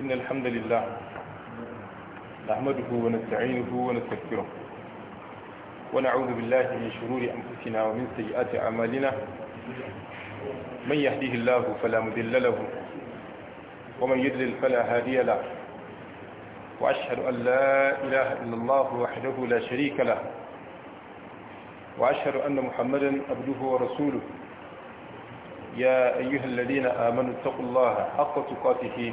إن الحمد لله نحمده ونستعينه ونستغفره ونعوذ بالله من شرور أنفسنا ومن سيئات أعمالنا من يهديه الله فلا مذل له ومن يذلل فلا هادي له وأشهد أن لا إله إلا الله وحده لا شريك له وأشهد أن محمدا عبده ورسوله يا أيها الذين آمنوا اتقوا الله حق تقاته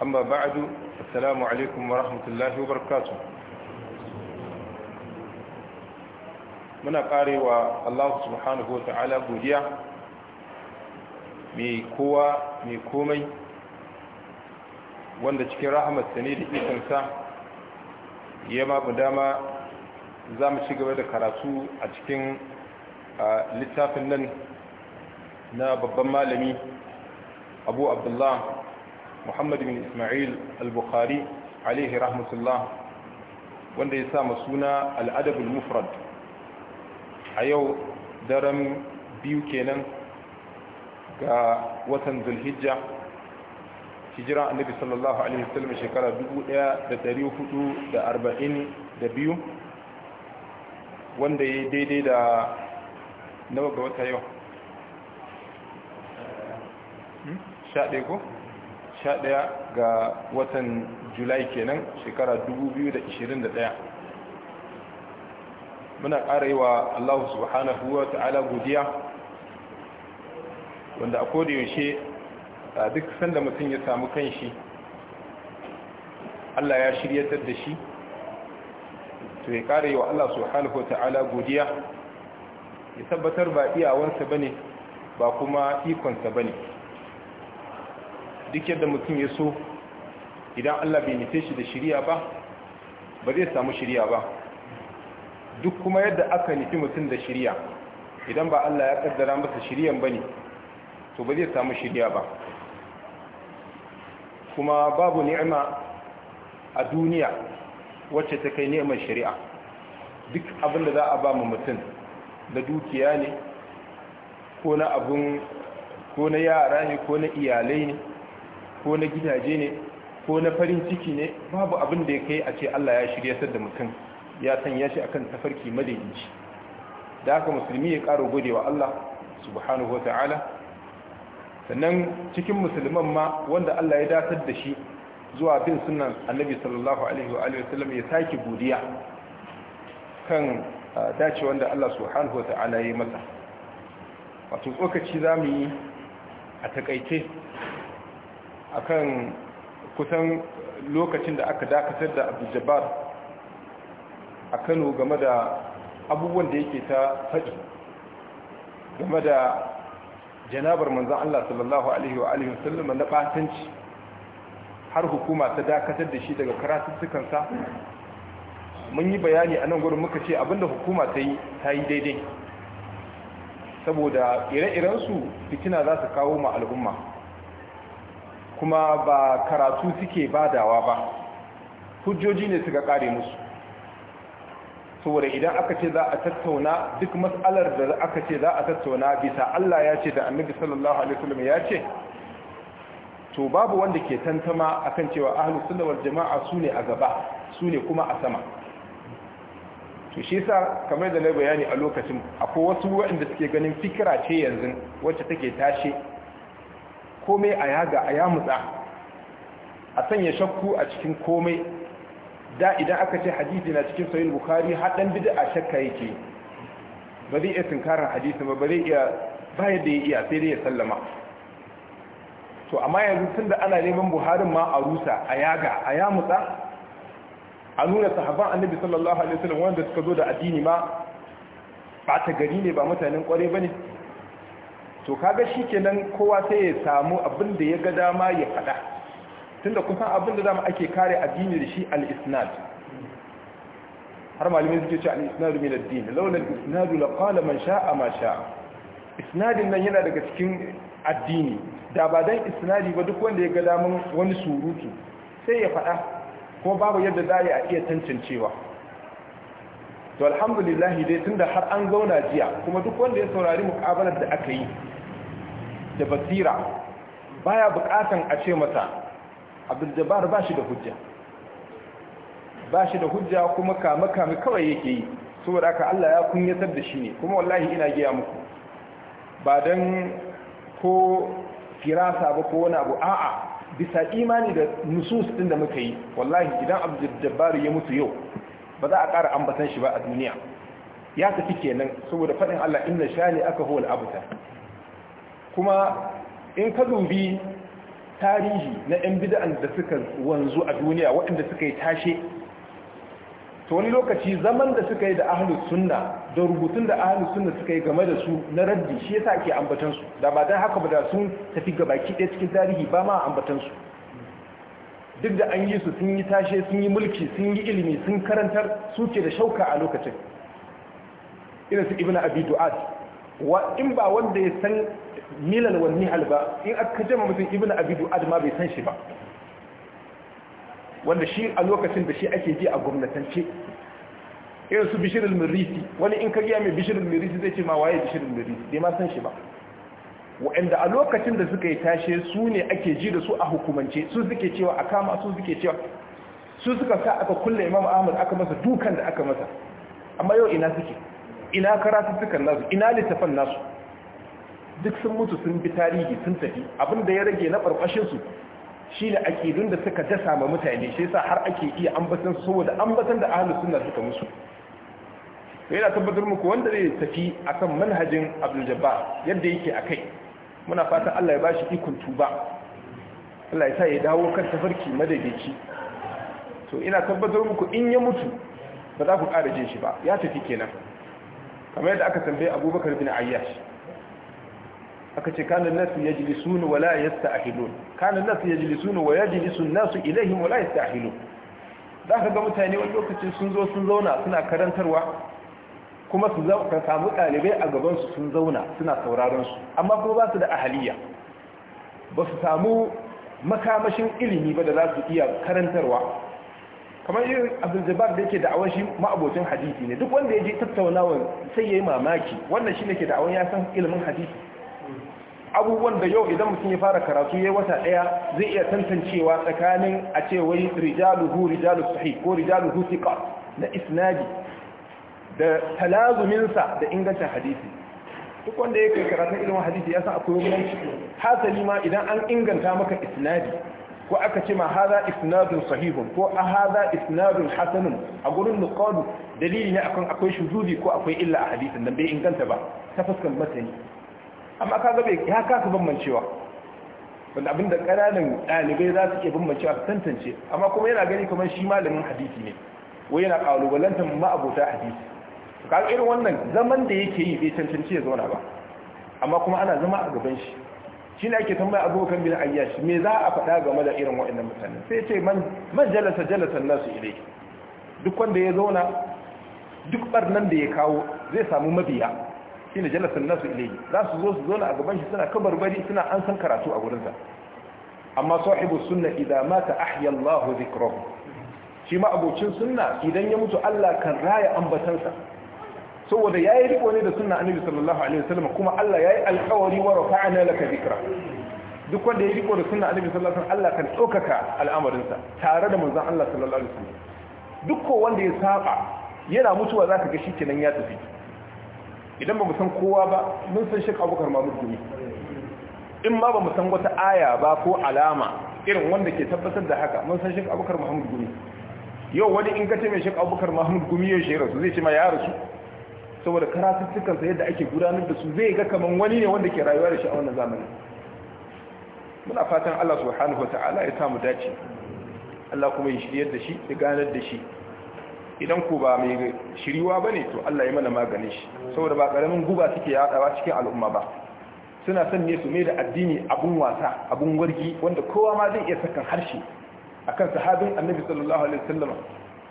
amma baadu السلام عليكم ورحمة الله وبركاته muna karewa Allah subhanahu wa ta'ala godiya mai kowa mai komai wanda cikin rahamarsa ne da ikonsa ya mabu dama za mu ci gaba da karatu a cikin littafin nan na babban malami abu abdullah muhammad bin ismail al-bukhari alaihi rahmatullah wanda ya sa suna al'adabul mufrad a yau daren biyu kenan ga watan zulhijja hijira annabi sallallahu alaihi wasallam shekara 1442 wanda ya daidai da nawa ga wata yau sha ko? 11 ga watan julai kenan shekara 2021 muna ƙara yi wa Allah subhanahu wa ta'ala godiya wanda a yaushe a duk sanda mutum ya samu kanshi Allah ya shiryatar da shi to ya ƙara yi wa Allah subhanahu wa ta'ala godiya ya tabbatar ba iyawansa ba ne ba kuma ikonsa ba ne duk yadda mutum ya so idan Allah bai nufe shi da shirya ba ba zai samu shirya ba duk kuma yadda aka nufi mutum da shirya idan ba Allah ya kaddara masa shiryan ne to ba zai samu shirya ba kuma babu ni'ima a duniya wacce ta kai ni'imar shari'a duk abin da za a ba mu mutum da dukiya ne ko na abun ko na yara ne ko na iyalai ne ko na gidaje ne ko na farin ciki ne babu abin da ya kai a ce Allah ya shirya sar da mutum ya sanya shi akan tafarki madaidaici da haka musulmi ya ƙara godewa Allah subhanahu wa ta'ala sannan cikin musulman ma wanda Allah ya datar da shi zuwa bin sunan annabi sallallahu alaihi wa alihi wasallam ya sake godiya kan dace wanda Allah subhanahu wa ta'ala ya yi masa wato tsokaci zamu yi a takaice akan kusan lokacin da aka dakatar da abdul a kano game da abubuwan da yake ta faɗi game da janabar manzan Allah sallallahu Alaihi wa Alaihi wasallama na batanci har hukuma ta dakatar da shi daga karatuttukansa mun yi bayani a nan gudun muka ce abinda hukuma ta yi ta yi daidai saboda ire-irensu fitina za su kawo ma al'umma kuma ba karatu suke badawa ba hujjoji ne suka kare musu saboda idan aka ce za a tattauna duk matsalar da aka ce za a tattauna bisa Allah ya ce da annabi sallallahu alaihi wasallam ya ce to babu wanda ke tantama akan cewa ahlus sunna wal jamaa su a gaba su kuma a sama to shi yasa kamar da na bayani a lokacin akwai wasu waɗanda suke ganin fikira ce yanzu wacce take tashi komai a yaga a yamutsa a sanya shakku a cikin komai da idan aka ce hadisi na cikin sahih bukhari hadan bid'a shakka yake ba zai iya tunkarar hadisi ba ba zai iya bayar da ya iya sai dai ya sallama to amma yanzu tun ana neman buharin ma a rusa a yaga a yamutsa a nuna sahaban annabi sallallahu alaihi wasallam wanda suka zo da addini ma ba ta gari ne ba mutanen kware bane to kaga shi kenan kowa sai ya samu abin da ya ga dama ya faɗa tunda kusan abin da dama ake kare addini da shi al-isnad har malamai suke ci al-isnad min ad-din laula al-isnad la qala man sha'a ma sha'a isnadin nan yana daga cikin addini da ba dan isnadi ba duk wanda ya ga daman wani surutu sai ya faɗa kuma babu yadda za a iya tantancewa to alhamdulillah dai tunda har an zauna jiya kuma duk wanda ya saurari muqabalar da aka yi da basira baya bukatan a ce masa abdul jabbar ba da hujja ba da hujja kuma kame kame kawai yake yi saboda haka Allah ya kunyatar da shi ne kuma wallahi ina giya muku ba dan ko firasa ba ko wani abu a'a bisa imani da nusus din da muka yi wallahi idan abdul jabbar ya mutu yau ba za a ƙara ambatan shi ba a duniya ya tafi kenan saboda faɗin Allah inna shani aka huwa al'abuta kuma in ka dubi tarihi na 'yan bid'an da suka wanzu a duniya waɗanda suka yi tashe to wani lokaci zaman da suka yi da ahlus sunna da rubutun da ahlus sunna suka yi game da su na raddi shi yasa ake ambatan su da ba dan haka ba da sun tafi gabaki ɗaya cikin tarihi ba ma ambatan su duk da an yi su sun yi tashe sun yi mulki sun yi ilimi sun karantar suke da shauka a lokacin Ina su ibina abi du'ad wa in ba wanda ya san milal wa nihal ba in aka jama mutum ibina abi du'ad ma bai san shi ba wanda shi a lokacin da shi ake ji a gwamnatance irin su bishirul mirisi wani in ka giya mai bishirul mirisi zai ce ma waye bishirul mirisi dai ma san shi ba Waɗanda a lokacin da suka yi tashe su ne ake ji da su a hukumance su suke cewa a kama su suke cewa su suka sa aka kulle imam ahmad aka masa dukan da aka masa amma yau ina suke ina karatuttukan nasu ina littafan nasu duk sun mutu sun bi tarihi sun tafi abin da ya rage na barbashinsu shi ne dun da suka dasa ma mutane shi yasa har ake iya ambatan su saboda ambatan da ahalus sunna suka musu yana tabbatar muku wanda zai tafi akan manhajin abdul jabbar yadda yake kai. muna fatan Allah ya bashi ikon tuba Allah ya sa ya dawo kan tafarki madaidaici to ina tabbatar muku in ya mutu ba za ku ƙara jin shi ba ya tafi kenan kamar yadda aka tambaye abubakar bin ayyash aka ce kanan nasu ya jilisun wala ya sta'ahilun kanan nasu ya suna wa ya suna nasu ilaihim wa ya sta'ahilun za ka ga mutane wani lokacin sun zo sun zauna suna karantarwa kuma su ka samu ɗalibai a gabansu sun zauna suna sauraron su amma kuma ba su da ahaliya ba su samu makamashin ilimi ba da za su iya karantarwa kamar irin abdulzabar da yake da'awar shi ma'abocin hadisi ne duk wanda ya je tattaunawa sai ya yi mamaki wannan shi ne ke da'awar ya san ilimin hadisi abubuwan da yau idan mutum ya fara karatu ya wata ɗaya zai iya tantancewa tsakanin a ce wai rijaluhu rijalu sahih ko rijaluhu siqa na isnadi da talazuminsa da ingancin hadisi duk wanda ya kai karatun ilimin hadisi ya san akwai rumanci hasali ma idan an inganta maka isnadi ko aka ce ma haza isnadun sahihun ko a haza isnadun hasanun a gurin nuqadu dalili ne akan akwai shuzuzi ko akwai illa a hadisin nan bai inganta ba ta fuskan matani amma kaga bai ya kasa bambancewa wanda abinda ƙananan ɗalibai za su iya bambancewa su tantance amma kuma yana gani kamar shi malamin hadisi ne wai yana ƙalubalantar ma'abota hadisi ka irin wannan zaman da yake yi bai cancanci ya zauna ba amma kuma ana zama a gaban shi shi ne ake tambaya abokan bin ayyashi me za a faɗa game da irin waɗannan mutane sai ce man jalasa jalasan nasu ilai duk wanda ya zauna duk barnan da ya kawo zai samu mabiya shi ne jalasan nasu ilai za su zo su zauna a gaban shi suna bari suna an san karatu a sa amma sahibu sunna idan mata ahya Allahu zikrahu shi ma abocin sunna idan ya mutu Allah kan raya ambatansa saboda yi riko ne da suna annabi sallallahu alaihi wasallam kuma Allah ya yi alƙawari wa rafa'ana laka zikra duk wanda ya yi riko da suna annabi sallallahu alaihi wasallam Allah kan ɗaukaka al'amarinsa tare da manzon Allah sallallahu alaihi wasallam duk wanda ya saba yana mutuwa zaka ga kenan ya tafi idan ba mu san kowa ba mun san Sheikh Abubakar Mahmud Gumi in ma ba mu san wata aya ba ko alama irin wanda ke tabbatar da haka mun san Sheikh Abubakar Mahmud Gumi yau wani in ka ce mai Sheikh Abubakar Mahmud Gumi ya shi rasu zai ce ma ya rasu saboda karatuttukansa yadda ake gudanar da su zai ga kamar wani ne wanda ke rayuwa da shi a wannan zamanin muna fatan Allah subhanahu ta'ala ya samu dace Allah kuma ya shiryar da shi ya ganar da shi idan ku ba mai shiriwa ne to Allah ya mana maganin shi saboda ba karamin guba suke yadawa cikin al'umma ba suna son ne su mai da addini abun wasa abun wargi wanda kowa ma zai iya sakan harshe akan sahabin annabi sallallahu alaihi wasallam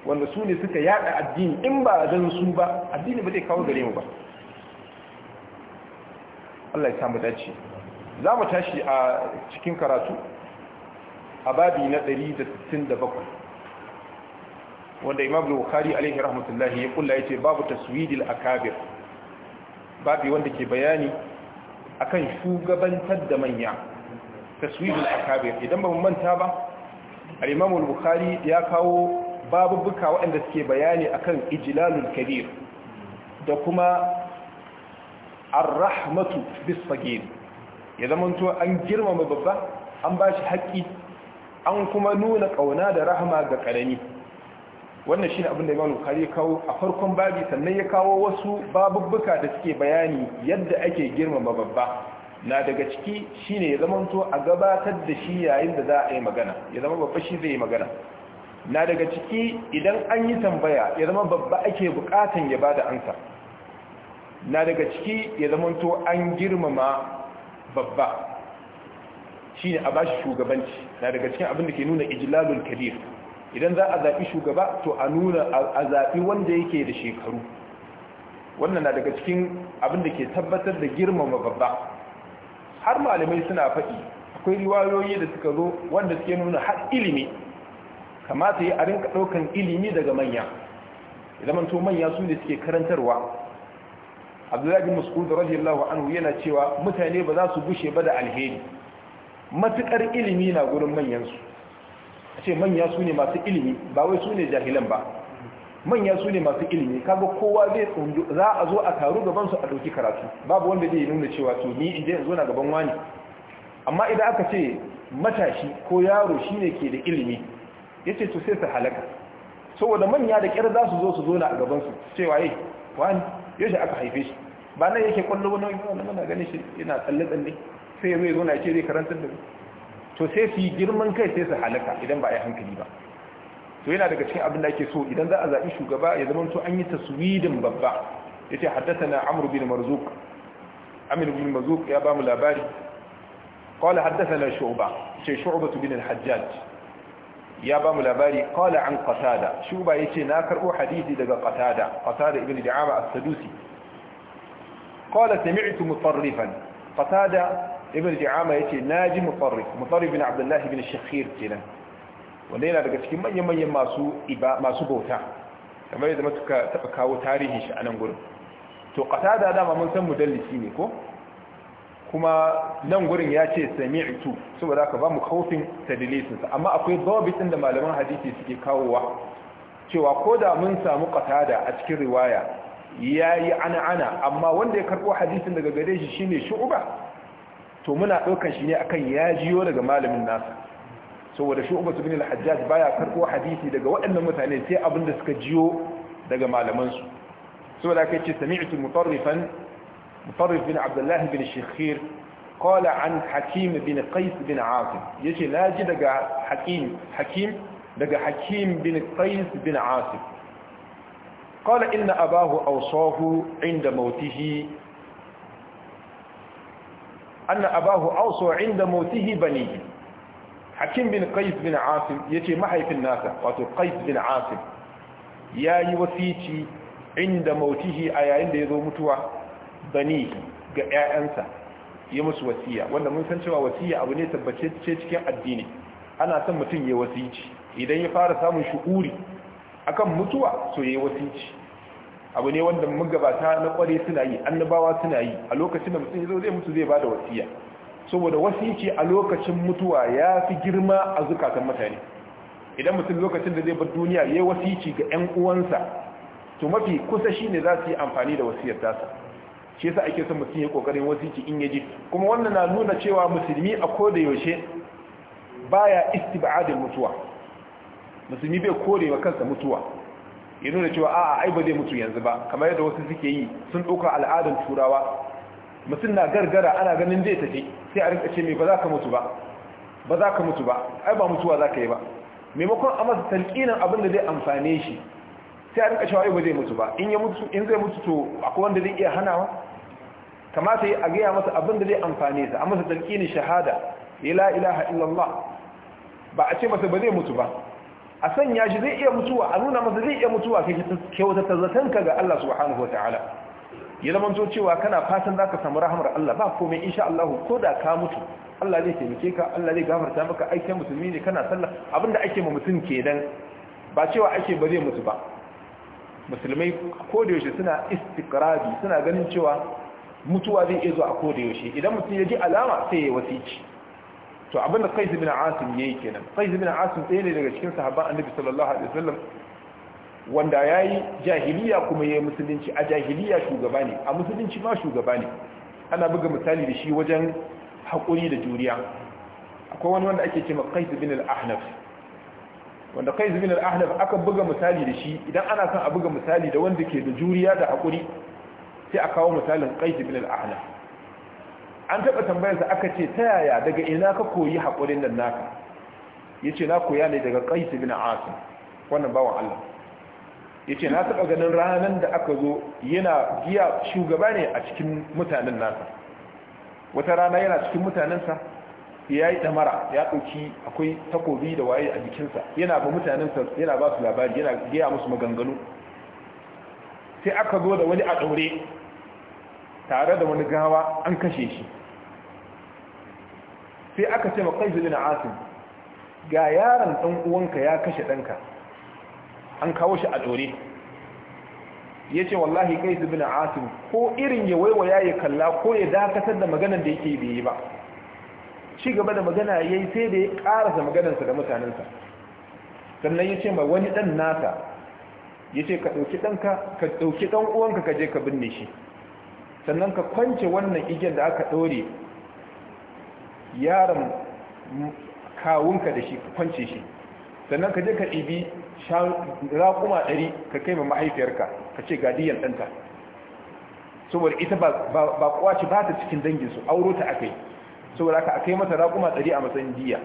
wanda su ne suka yada addini in ba don su ba addini ba zai kawo gare mu ba Allah ya samu dace za mu tashi a cikin karatu a babi na 167 wanda imam bukhari alaihi rahmatullahi ya kulla yace babu taswidil akabir babi wanda ke bayani akan shugabantar da manya taswidil akabir idan ba mu manta ba al-imam al-bukhari ya kawo babubuka waɗanda suke bayani akan ijilalul kabir da kuma ar-rahmatu bis ya to an girmama babba an bashi haƙƙi an kuma nuna ƙauna da rahama ga ƙarami wannan shine abin da Imam Bukhari ya kawo a farkon babi sannan ya kawo wasu babubuka da suke bayani yadda ake girmama babba na daga ciki shine ya zamanto a gabatar da shi yayin da za a yi magana ya zama babba shi zai yi magana na daga ciki idan an yi tambaya ya zama babba ake bukatan ya ba da ansa na daga ciki ya zama to an girmama babba shi ne a ba shi shugabanci na daga cikin abin ke nuna ijilalul kabir idan za a zaɓi shugaba to a nuna a zaɓi wanda yake da shekaru wannan na daga cikin abin ke tabbatar da girmama babba har malamai suna faɗi akwai riwayoyi da suka zo wanda suke nuna har ilimi kamata yi a rinka ɗaukan ilimi daga manya zaman to manya su ne suke karantarwa abdullahi bin mas'ud radiyallahu anhu yana cewa mutane ba za su gushe ba da alheri matuƙar ilimi na gurin manyansu. a ce manya su ne masu ilimi ba wai su ne jahilan ba manya su ne masu ilimi kaga kowa zai tsundu za a zo a taru gabansu a dauki karatu babu wanda zai nuna cewa to ni in je na gaban wani amma idan aka ce matashi ko yaro shine ke da ilimi yace to sai su halaka saboda manya da kyar za su zo su zo na a gaban su cewa eh wani yaushe aka haife shi ba nan yake kwallo wani wani mana ganin shi yana tsalle tsalle sai ya zo ya zo na ce zai karantar da to sai su yi girman kai sai su halaka idan ba a yi hankali ba to yana daga cikin abin da ake so idan za a zaɓi shugaba ya zama to an yi taswidin babba ya ce haddasa na amur bin marzuk amir bin marzuk ya ba mu labari kawai haddasa na شعبة بن الحجاج su bin hajjaj ya ba mu labari qala an qatada shuba yace na karbo hadisi daga qatada qatada ibn du'ama as-sadusi qala sami'tu mutarrifan qatada ibn ce yace ji mutarrif mutarrif bin abdullah ibn shakhir kenan wanda yana daga cikin manyan manyan masu iba masu bauta kamar yadda muka taba kawo tarihin shi a nan gurin to qatada dama mun san mudallisi ne ko kuma nan gurin ya ce sami'tu saboda haka ba mu kaufin tadlisinsa amma akwai dawabitin da malaman hadisi suke kawowa cewa ko da mun samu qatada a cikin riwaya yayi ana amma wanda ya karbo hadisin daga gare shi shine shu'ba to muna daukan shi ne akan ya jiyo daga malamin nasa saboda shu'ba ibn al-hajjaj baya karbo hadisi daga waɗannan mutane sai abinda da suka jiyo daga malaman su saboda kai ce sami'tu mutarrifan مطرف بن عبد الله بن الشخير قال عن حكيم بن قيس بن عاصم يجي ناجي دقى حكيم حكيم دقى حكيم بن قيس بن عاصم قال إن أباه أوصاه عند موته أن أباه أوصى عند موته بنيه حكيم بن قيس بن عاصم يجي محي في الناس واتو قيس بن عاصم يا يوسيتي عند موته أيا عند يذو متوى Bani ga 'ya'yansa yi musu wasiya wanda mun san cewa wasiya abu ne tabbace ce cikin addini ana son mutum ya wasici idan ya fara samun a kan mutuwa so ya wasici abu ne wanda magabata na kware suna yi annabawa suna yi a lokacin da mutum zai mutu zai bada wasiya saboda wasici a lokacin mutuwa ya fi girma a zukatan mutane idan mutum lokacin da zai bar duniya ya wasici ga 'yan uwansa to mafi kusa shine za su yi amfani da wasiyar tasa shi yasa ake son mutum ya kokarin wasiki in yaji kuma wannan na nuna cewa musulmi a koda yaushe baya istibadin mutuwa musulmi bai kore wa kansa mutuwa ya nuna cewa a'a ai ba zai mutu yanzu ba kamar yadda wasu suke yi sun ɗauka al'adan turawa mutum na gargara ana ganin zai tafi sai a rinka ce mai ba za ka mutu ba ba za ka mutu ba ai ba mutuwa za ka yi ba maimakon a masa talƙinin abin da zai amfane shi sai a rinka cewa ai ba zai mutu ba in ya mutu in zai mutu to akwai wanda zai iya hanawa kamata a gaya masa abin da zai amfane sa a masa ne shahada la ilaha illallah ba a ce masa ba zai mutu ba a sanya shi zai iya mutuwa a nuna masa zai iya mutuwa kai kyautata zatanka ga Allah subhanahu Ta'ala. ya zama cewa kana fatan zaka samu rahmar Allah ba komai insha Allah ko da ka mutu Allah zai taimake ka Allah zai gafarta maka aikin musulmi ne kana sallah abinda ake ma mutum kenan ba cewa ake ba zai mutu ba musulmai ko da yaushe suna istiqrabi suna ganin cewa mutuwa zai iya zuwa a koda yaushe idan mutum ya ji alama sai ya wasici to abin da qais ibn asim yayi kenan qais ibn asim tsaye ne daga cikin sahabban annabi sallallahu alaihi wasallam wanda yayi jahiliya kuma yayi musulunci a jahiliya shugaba ne a musulunci ma shugaba ne ana buga misali da shi wajen haƙuri da juriya akwai wani wanda ake cewa qais ibn al-ahnaf wanda qais ibn al-ahnaf aka buga misali da shi idan ana son a buga misali da wanda ke da juriya da haƙuri sai a kawo misalin qais bin ahla an taba tambayar sa aka ce ta yaya daga ina ka koyi hakurin nan naka yace na koya ne daga qais bin asim wannan bawan Allah yace na taba ganin ranan da aka zo yana giya shugaba ne a cikin mutanen nasa wata rana yana cikin mutanensa ya yi ɗamara ya ɗauki akwai takobi da waye a jikinsa yana ba mutanensa yana ba su labari yana giya musu maganganu sai aka zo da wani a ɗaure tare da wani gawa an kashe shi sai aka ce maƙaisu na asin. ga yaron ɗan uwanka ya kashe ɗanka an kawo shi a dore. ya ce wallahi kai zubi na asin. ko irin ya waiwaya ya kalla ko ya dakatar da maganar da yake bai yi ba ci gaba da magana ya yi sai da ya ƙarasa maganarsa da mutanensa sannan ya ce ma wani ɗan nasa ya ce ka ɗauki ɗanka ka ɗauki ɗan uwanka ka je ka binne shi sannan ka kwance wannan igiyar da aka ɗore yaron kawunka da shi ka kwance shi sannan ka je ka ibi raƙuma ɗari ka kai ma mahaifiyarka ka ce gadiyan ɗanta saboda ita ba kwace ba ta cikin danginsu auro ta aka yi saboda aka kai masa raƙuma ɗari a matsayin diya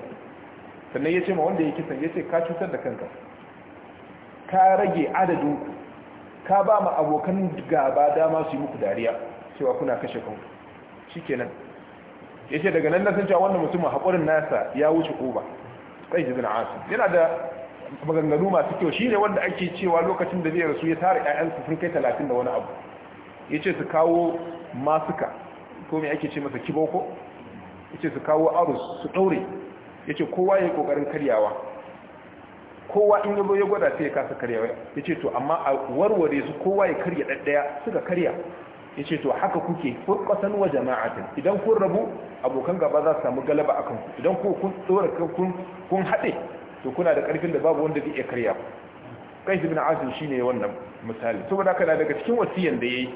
sannan ya ce ma wanda ya kisan ya ce ka cutar da kanka ka rage adadin ka ba ma abokan gaba dama su yi muku dariya cewa kuna kashe kanku shikenan yace daga nan san cewa wannan mutum hakurin nasa ya wuce uba sai ibn asu yana da maganganu masu kyau shine wanda ake cewa lokacin da zai rasu ya tare ƴaƴansa sun kai 30 da wani abu yace su kawo masuka ko me ake ce masa kiboko yace su kawo arus su daure yace kowa yayi kokarin karyawa kowa in yabo ya gwada sai ya kasa karyawa yace to amma a warware su kowa ya karya daddaya suka karya ce to haka kuke furqatan wa jama'atan idan kun rabu abokan gaba za su samu galaba akan ku idan ku kun tsora kun kun hade to kuna da karfin da babu wanda zai iya karya ku kai ibn asim shine wannan misali saboda kana daga cikin wasiyan da yayi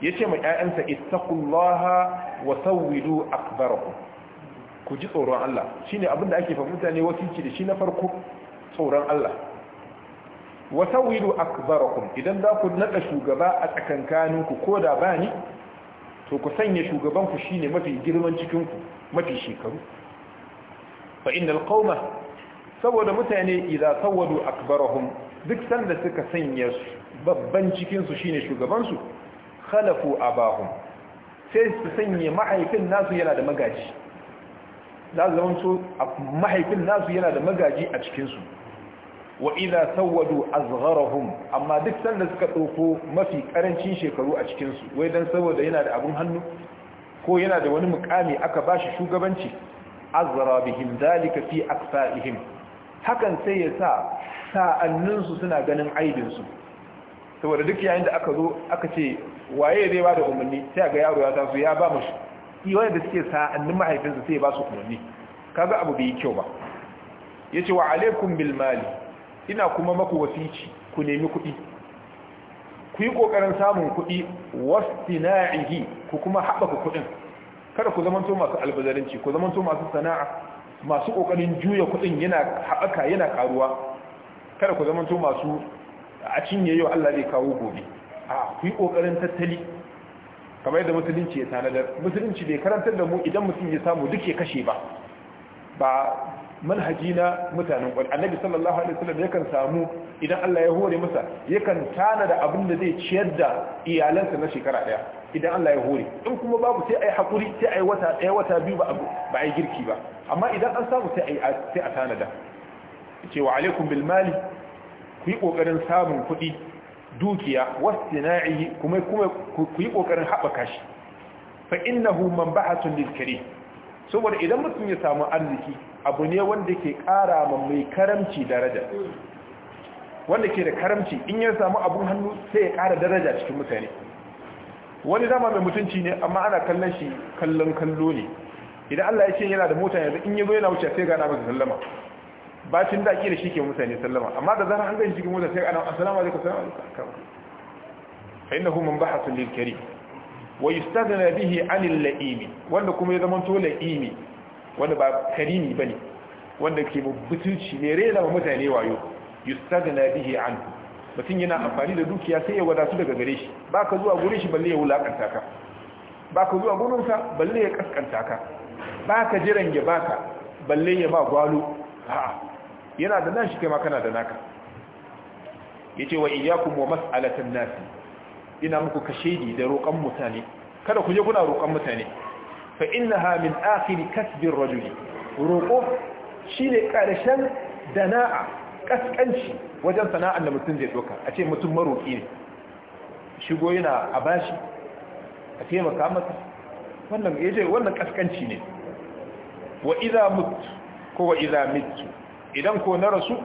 yace ma ƴaƴansa ittaqullaha wa sawwidu akbarakum ku ji tsoron Allah shine abin da ake fa mutane wasiyi da shi na farko tsoron Allah wa sawilu akbarakum idan za ku nada shugaba a tsakankanin ku ko da bani to ku sanya shugaban ku shine mafi girman cikin ku mafi shekaru fa innal qauma saboda mutane idan sawadu akbarahum duk sanda suka sanya babban cikin su shine shugaban su khalafu abahum sai su sanya mahaifin nasu yana da magaji za su zama mahaifin nasu yana da magaji a cikinsu wa idha sawwadu azgharahum amma duk sanda suka dauko mafi karancin shekaru a cikin su wai dan saboda yana da abun hannu ko yana da wani mukami aka bashi shugabanci azra bihim dalika fi aqsaihim hakan sai ya sa sa'annin su suna ganin aibin su saboda duk yayin da aka zo aka ce waye zai ba da umarni sai ga yaro ya taso ya ba mushi iwaye da suke sa'annin mahaifinsa sai ya ba su umarni kaga abu bai kyau ba yace wa alaikum bil mali ina kuma maku wasici ku nemi kuɗi ku yi ƙoƙarin samun kuɗi wasu na'ihi ku kuma haɓaka kuɗin kada ku zamanto masu albazarinci ku zamanto masu sana'a masu ƙoƙarin juya kuɗin yana haɓaka yana ƙaruwa kada ku zamanto masu a cinye yau Allah zai kawo gobe a ku yi ƙoƙarin tattali kamar yadda musulunci ya tanadar musulunci bai karantar da mu idan mutum ya samu duk ya kashe ba ba manhaji na mutanen kwari annabi sallallahu alaihi wasallam yakan samu idan Allah ya hore masa yakan tana da abin da zai ciyar da iyalansa na shekara ɗaya idan Allah ya hore in kuma babu sai ai hakuri sai ai wata daya wata biyu ba ba ai girki ba amma idan an samu sai ai sai a tana da cewa alaikum bil mali ku yi kokarin samun kuɗi dukiya wastina'ihi kuma kuma ku yi kokarin haɓaka shi fa innahu manba'atun lil karim saboda idan mutum ya samu arziki abu ne wanda ke kara ma mai karamci daraja wanda ke da karamci in ya samu abun hannu sai ya kara daraja cikin mutane wani dama mai mutunci ne amma ana kallon shi kallon kallo ne idan Allah ya ce yana da mota yanzu in ya zo yana wuce sai gana masa sallama bacin da da shi ke mutane sallama amma da zara an gani cikin mota sai ana assalamu sallama assalamu alaikum fa innahu man bahasun lil karim wa na bihi anil la'imi wanda kuma ya zama to la'imi wanda ba karimi bane wanda ke mutunci ne rela wa mutane wayo na bihi an mutun yana amfani da dukiya sai ya wada su daga gare shi Ba ka zuwa gure shi balle ya wulakanta ka ka zuwa gurin sa balle ya kaskanta ka ka jiran ya baka balle ya ba gwalo a'a yana da shi kai ma kana da naka yace wa iyyakum wa mas'alatan nasi ina muku kashedi da roƙon mutane kada ku je kuna roƙon mutane fa innaha min akhir kasbir rajuli roƙo shine ƙarshen dana'a kaskanci wajen sana'ar da mutum zai doka a ce mutum maroƙi ne shigo yana a bashi a taimaka masa wannan yaje wannan kaskanci ne wa idza mut ko wa idza mitu idan ko na rasu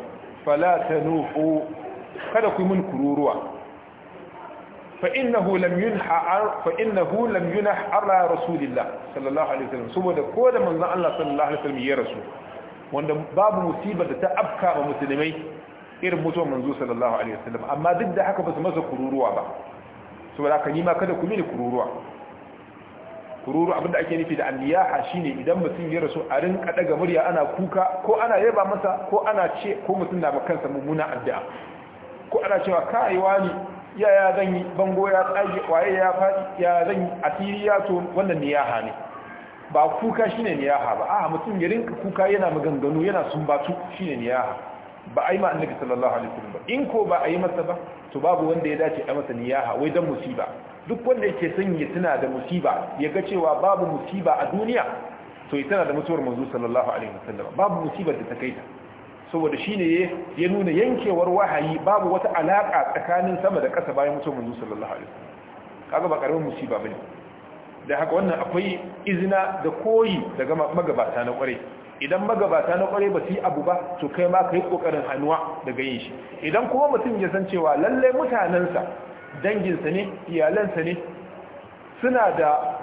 fala tanuhu kada ku mun kururuwa فإنه لم ينح فإنه لم saboda ko da manzon Allah sallallahu ya rasu wanda babu musibar da ta afka wa musulmai irin mutuwar manzo sallallahu amma duk da haka ba su masa kururuwa ba saboda haka nima kada ku mini kururuwa kururu abinda ake nufi da anniyaha shine idan mutum ya rasu a rinka daga murya ana kuka ko ana yaba masa ko ana ce ko mutum na kansa mummuna addu'a ko ana cewa kai wani yaya zan yi bango ya tsage waye ya faɗi ya zan yi asiri ya to wannan niyaha ne ba kuka shine niyaha ba a mutum ya rinka kuka yana maganganu yana sumbatu shine niyaha ba a yi ma annabi sallallahu alaihi wasallam ba in ko ba a yi masa ba to babu wanda ya dace a masa niyaha wai dan musiba duk wanda yake son ya tuna da musiba ya ga cewa babu musiba a duniya to ya tana da mutuwar manzo sallallahu alaihi wasallam babu musibar da ta kai ta. saboda shi ne ya nuna yankewar wahayi babu wata alaƙa tsakanin sama da ƙasa bayan mutum musu sallallahu alaihi kaga ba musu musiba bane da haka wannan akwai izina da koyi daga magabata na kwarai idan magabata na kwarai ba su yi abu ba to kai ma ka yi kokarin hannuwa daga yin shi idan kuma mutum ya san cewa lallai mutanensa danginsa ne iyalansa ne suna da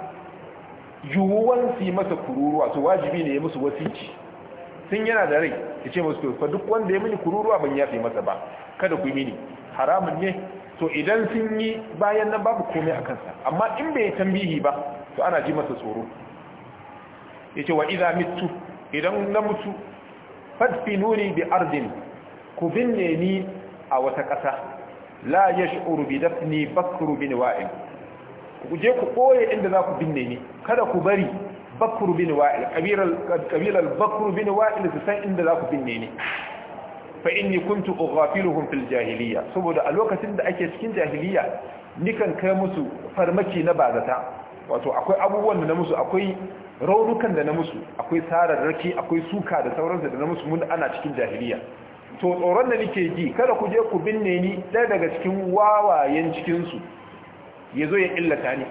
yiwuwan su yi masa kururuwa to wajibi ne ya musu wasici Sun yana da rai ya ce musu fa duk wanda ya mini kururuwa ban yafe masa ba kada ku yi mini haramun ne to idan sun yi bayan nan babu komai a kansa amma in bai tambihi ba to ana ji masa tsoro ya ce wa iza mitu idan na mutu nuni bi ardin ku binne ni a wata ƙasa la yash'uru bi dafni bakru bin wa'in. ku je ku ɓoye inda za ku binne ni kada ku bari bakru bin wa'il kabilar bakru bin wa'il su san inda za ku binne ne fa inni kuntu ughafiluhum fil jahiliya saboda a lokacin da ake cikin jahiliya nikan kai musu farmaki na bazata wato akwai abubuwan da na musu akwai raunukan da na musu akwai sararraki akwai suka da sauransu da na musu mun ana cikin jahiliya to tsoron da nake ji kada ku je ku binne ni ɗaya daga cikin wawayen cikinsu ya zo ya illata ni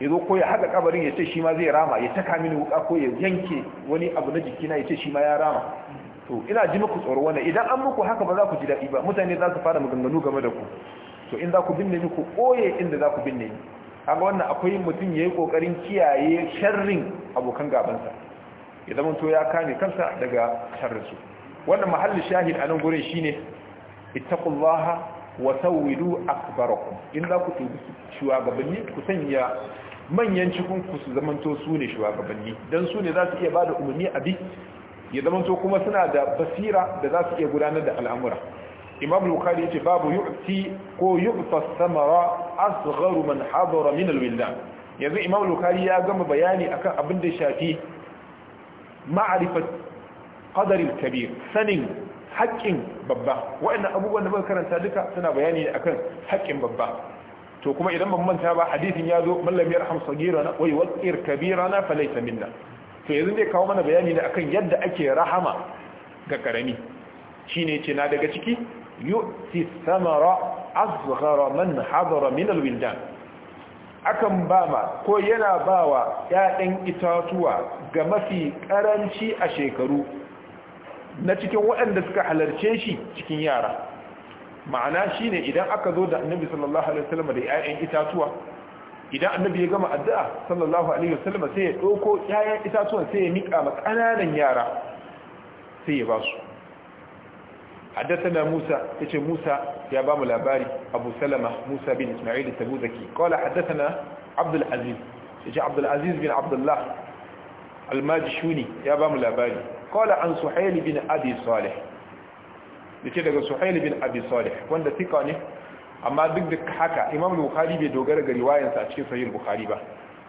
ya zo ko ya haka kabarin ya ce shi ma zai rama ya taka mini wuka ko ya yanke wani abu na jikina ya ce shi ma ya rama to ina ji muku tsoro wannan idan an muku haka ba za ku ji daɗi ba mutane za su fara maganganu game da ku to in za ku binne ni ku ɓoye inda za ku binne ni kaga wannan akwai mutum ya yi ƙoƙarin kiyaye sharrin abokan gabansa ya zama to ya kame kansa daga su wannan mahallin shahid a nan gurin shine ittaqullaha wa sawwidu akbarakum in za ku tubi shugabanni ku sanya manyan cikin ku su zamanto su ne shugabanni dan su ne za su iya bada umarni abi ya zamanto kuma suna da basira da za su iya gudanar da al'amura imam bukhari yace babu yu'ti ko yu'ta samara asgharu man hadara min al-wildan yanzu imam bukhari ya gama bayani akan abin da shafi ma'rifat qadar al-kabir sanin haƙƙin babba waɗanda abubuwan da muka karanta duka suna bayani ne akan haƙƙin babba to kuma idan ban manta ba hadisin ya zo mallam ya raham wai wa kabira kabirana falaysa minna to yanzu zai kawo mana bayani ne akan yadda ake rahama ga karami shine ce na daga ciki yu'ti samara asghara man hadara min alwildan akan ba ko yana bawa ƴaƴan itatuwa ga mafi karanci a shekaru na cikin waɗanda suka halarce shi cikin yara ma'ana shi ne idan aka zo da annabi sallallahu alaihi wasallam da 'ya'yan itatuwa idan annabi ya gama addu'a sallallahu alaihi wasallam sai ya dauko 'ya'yan itatuwan sai ya miƙa ma kananan yara sai ya ba su Musa حدثنا موسى يتي موسى يا labari. Abu Salama Musa موسى بن إسماعيل التبوذكي قال حدثنا عبد العزيز يتي عبد العزيز بن عبد الله الماجشوني يا بام labari. kola an suhayl bin abi salih yace daga suhayl bin abi salih wanda tika ne amma duk da haka imam bukhari bai dogara ga riwayansa a cikin sahih bukhari ba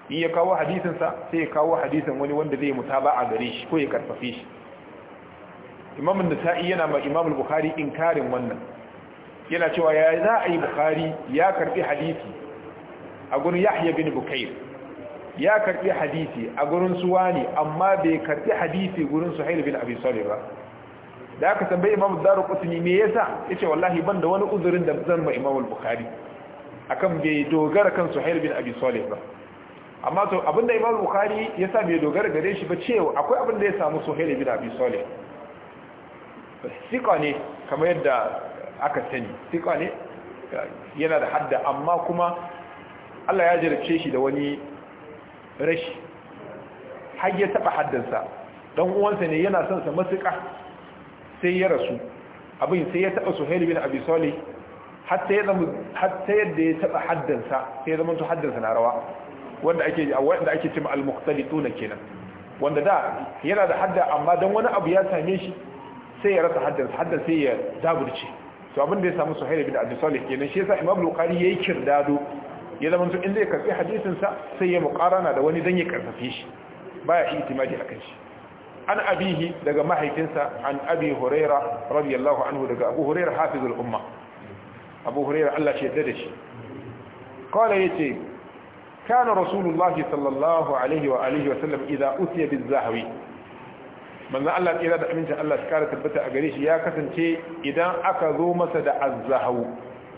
in ya kawo hadisin sai ya kawo hadisin wani wanda zai mutaba a gare shi ko ya karfafe shi imam nasai yana ma imam bukhari inkarin wannan yana cewa ya za a yi bukhari ya karbi hadisi a gurin yahya bin bukair ya karbi hadisi a gurin su wani amma bai karbi hadisi gurin su suhail bin abi salih ba da aka tambayi imam daru qutni me yasa yace wallahi ban da wani uzurin da zan ma imam al-bukhari akan bai dogara kan su suhail bin abi salih ba amma to abinda imam al-bukhari yasa bai dogara gare shi ba cewa akwai abin da ya samu su suhail bin abi salih sika ne kamar yadda aka sani sika ne yana da hadda amma kuma Allah ya jarabce shi da wani rashi har ya taɓa haddansa don uwansa ne yana son sa matuƙa sai ya rasu abin sai ya taɓa suhail bin abi salih hatta yadda ya taɓa haddansa sai ya zama su haddansa na rawa wanda ake wanda ake cima al-muqtalituna kenan wanda da yana da hadda amma don wani abu ya same shi sai ya rasa haddansa haddan sai ya daburce to abin da ya samu suhail bin abi salih kenan shi yasa imam bukhari yayi kirdado ya zama su inda ya karfi hadisinsa sai ya muqarana da wani zan ya karfafi shi baya itimadi akan shi an abihi daga mahaifinsa an abi huraira radiyallahu anhu daga abu huraira hafizul umma abu huraira Allah shi yadda da shi ya ce kana rasulullahi sallallahu alaihi wa alihi wa sallam idan usiya bin zahawi manzan Allah ya da amincin Allah su kara tabbata a gare shi ya kasance idan aka zo masa da azzahawu.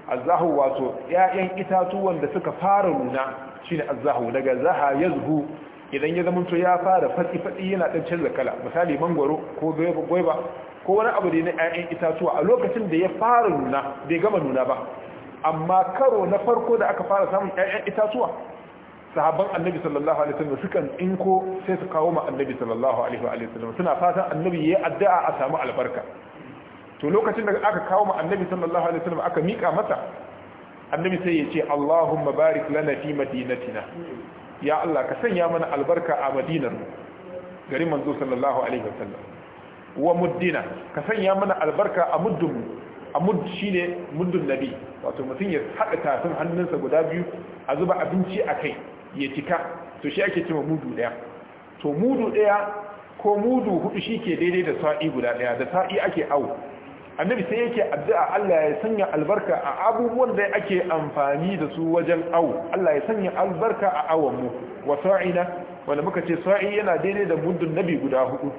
azahu wato 'ya'yan itatuwan da suka fara nuna shine azahu daga zaha yazhu idan ya zama ya fara fatsi fatsi yana dan canza kala misali mangwaro ko goyba ko wani abu da na 'ya'yan itatuwa a lokacin da ya fara nuna bai gama nuna ba amma karo na farko da aka fara samun 'ya'yan itatuwa sahabban annabi sallallahu alaihi wasallam sukan in sai su kawo ma annabi sallallahu alaihi wasallam suna fatan annabi yayi addu'a a samu albarka to lokacin da aka kawo ma annabi sallallahu alaihi wasallam aka mika masa annabi sai ya ce Allahumma barik lana fi madinatina ya Allah ka sanya mana albarka a madinar mu garin manzo sallallahu alaihi wasallam wa muddina ka sanya mana albarka a muddin mu a mudd shine muddin nabi wato mutum ya haɗa tafin hannunsa guda biyu a zuba abinci a kai ya cika to shi ake cewa mudu daya to mudu daya ko mudu hudu shi ke daidai da sa'i guda daya da sa'i ake awo annabi sai yake addu'a Allah ya sanya albarka a abubuwan da ake amfani da su wajen awo Allah ya sanya albarka a awon mu wa sa'ina wanda muka ce sa'i yana daidai da mudun nabi guda hudu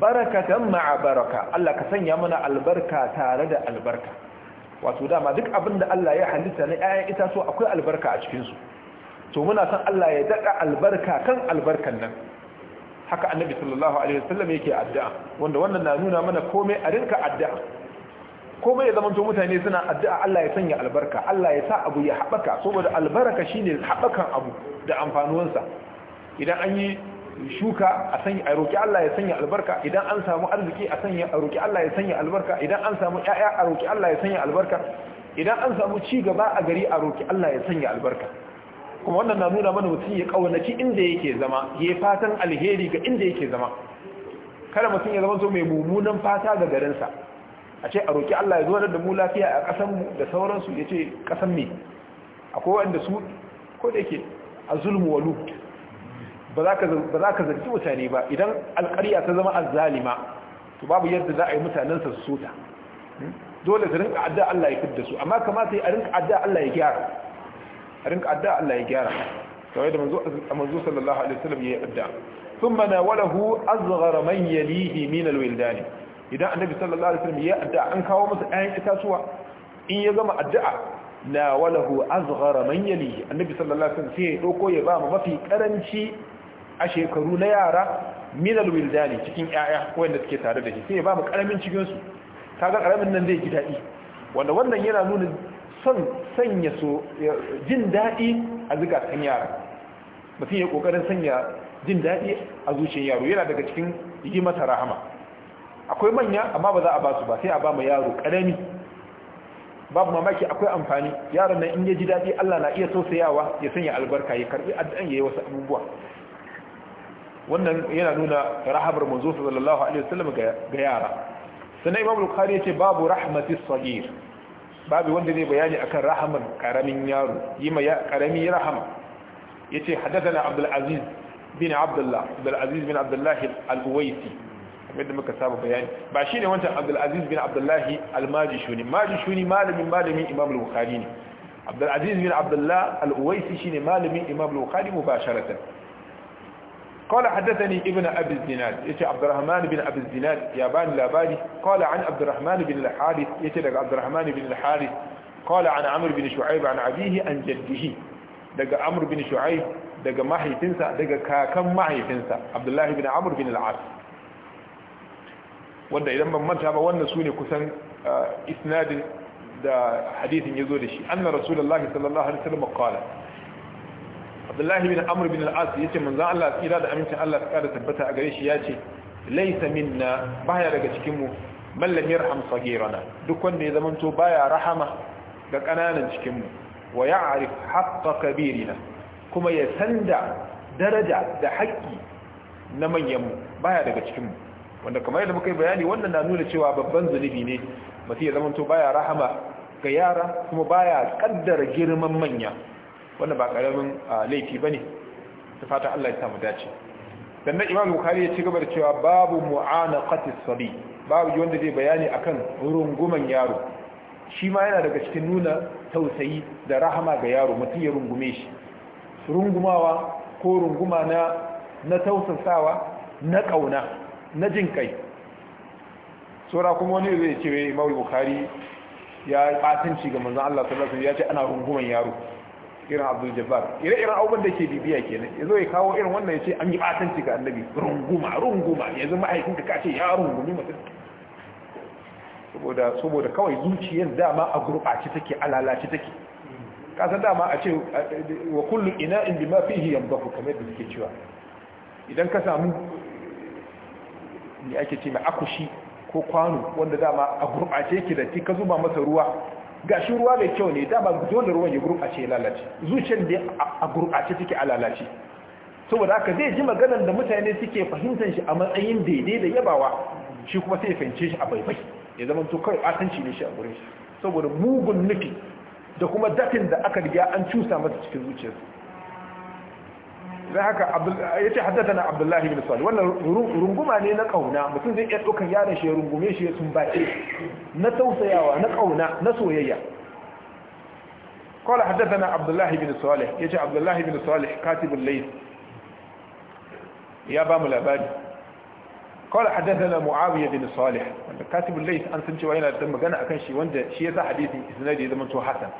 barakatan ma'a baraka Allah ka sanya mana albarka tare da albarka wato dama duk abin da Allah ya halitta na ƴaƴan itatuwa akwai albarka a cikin su to muna san Allah ya daka albarka kan albarkan nan haka annabi sallallahu alaihi wasallam yake addu'a wanda wannan na nuna mana komai a rinka addu'a komai ya zamanto mutane suna addu'a Allah ya sanya albarka Allah ya sa abu ya haɓaka saboda albaraka shine haɓakan abu da amfanuwansa idan an yi shuka a sanya a roki Allah ya sanya albarka idan an samu arziki a sanya a roki Allah ya sanya albarka idan an samu ƴaƴa a roki Allah ya sanya albarka idan an samu ci gaba a gari a roki Allah ya sanya albarka kuma wannan na nuna mana mutum ya kaunaki inda yake zama ya yi fatan alheri ga inda yake zama kada mutum ya zama so mai mummunan fata ga garinsa a ce a roƙi Allah ya zo da mu lafiya a ƙasanmu da sauransu ya ce ƙasan me akwai wanda su ko da yake a zulmu wa ba za ka zargi mutane ba idan alƙarya ta zama azzalima to babu yadda za a yi mutanensa su sota hmm? dole su rinka adda Allah ya fidda su amma kamata a rinka adda Allah ya gyara a rinka adda Allah ya gyara kawai da manzo sallallahu alaihi wasallam yayi addu'a thumma nawalahu asghara man yalihi min alwildan idan annabi sallallahu alaihi wasallam yayi adda an kawo masa ɗayan itatuwa in ya gama addu'a nawalahu asghara man yalihi annabi sallallahu alaihi wasallam sai ya doko ya ba mafi karanci a shekaru na yara min alwildan cikin yaya wanda suke tare da shi sai ya ba mu karamin cikin su kaga karamin nan zai ji daɗi wanda wannan yana nuna son sanya so jin daɗi a zukatan yara mutum ya ƙoƙarin sanya jin daɗi a zuciyar yaro yana daga cikin yi masa rahama akwai manya amma ba za a ba su ba sai a ba mu yaro ƙarami babu mamaki akwai amfani yaron nan in ya ji daɗi Allah na iya tausayawa ya sanya albarka ya karɓi addu'an ya yi wasu abubuwa wannan yana nuna rahabar manzo sallallahu alaihi wasallam ga yara sannan imam bukhari yace babu rahmatis sagir babu wanda zai bayani akan rahaman karamin yaro yi ma karami rahama yace hadathana abdul aziz bin abdullah abdul aziz bin abdullah al-uwaisi kamar da muka saba bayani ba shine wancan abdul aziz bin abdullah al-majishuni majishuni malamin malamin imam al-bukhari ne abdul aziz bin abdullah al-uwaisi shine malamin imam al-bukhari mubasharatan قال حدثني ابن أبي الزناد يتي عبد الرحمن بن أبي الزناد يابان لاباني قال عن عبد الرحمن بن الحارث يتي عبد الرحمن بن الحارث قال عن عمرو بن شعيب عن أبيه عن جده daga Amr bin Shu'aib daga mahaifinsa daga kakan mahaifinsa Abdullah bin Amr bin al wanda idan ban manta ba wannan ne kusan isnadin da hadisin zo da shi anna rasulullahi sallallahu alaihi wasallam qala abdullahi bin amur bin al-as yace manzon Allah tsira da amincin Allah ta kada tabbata a gare shi yace laysa na baya daga cikinmu mallamiyar man lam duk wanda ya zamanto baya rahama ga kananan cikinmu wa ya ya'rif haqqa kabirina kuma ya sanda daraja da haƙƙi na manyanmu baya daga cikinmu wanda kamar yadda muka yi bayani wannan na nuna cewa babban zunubi ne masu ya zamanto baya rahama ga yara kuma baya kaddara girman manya wannan ba karamin laifi bane ta fata Allah ya samu dace sannan imam bukhari ya ci gaba da cewa babu mu'anaqati sabi babu wanda zai bayani akan runguman yaro shi ma yana daga cikin nuna tausayi da rahama ga yaro mutum ya rungume shi rungumawa ko runguma na na tausasawa na kauna na jin kai sura kuma wani zai ce imam bukhari ya batanci ga manzon Allah sallallahu alaihi wasallam ya ce ana runguman yaro irin abdul jabbar ire-iren abubuwan da ke bibiya kenan ya zo ya kawo irin wannan ya ce an yi batanci ga annabi runguma runguma yanzu ma'aikin ka ce ya rungumi mutum saboda saboda kawai zuciyar dama a gurɓaci take a lalace take kasa dama a ce wa kullu ina in bima fihi yamdahu kamar da suke cewa idan ka samu ne ake ce mai akushi ko kwano wanda dama a gurɓace ke da ka zuba masa ruwa shi ruwa mai kyau ne da ba dole ruwan ya gurɓace lalace zuciyar da a gurɓace take a lalace saboda aka zai ji maganar da mutane suke fahimtar shi a matsayin daidai da yabawa shi kuma sai fahimce shi a baibai ya zama to kawai atanci ne shi a gurin shi saboda mugun nufi da kuma datin da aka riga an cusa masa cikin zuciyarsu. sai haka ya ce haddata na abdullahi bin salli wannan runguma ne na kauna mutum zai ɗaukar yaran shi ya rungume shi ya sun baƙe na tausayawa na kauna na soyayya kawai haddata na abdullahi bin salli ya ce abdullahi bin salli katibin lai ya ba mu labari kawai haddata na mu'awiyar bin salli katibin lai an sun cewa yana da magana a kan shi wanda shi ya sa hadisin isnadi ya zama to hasan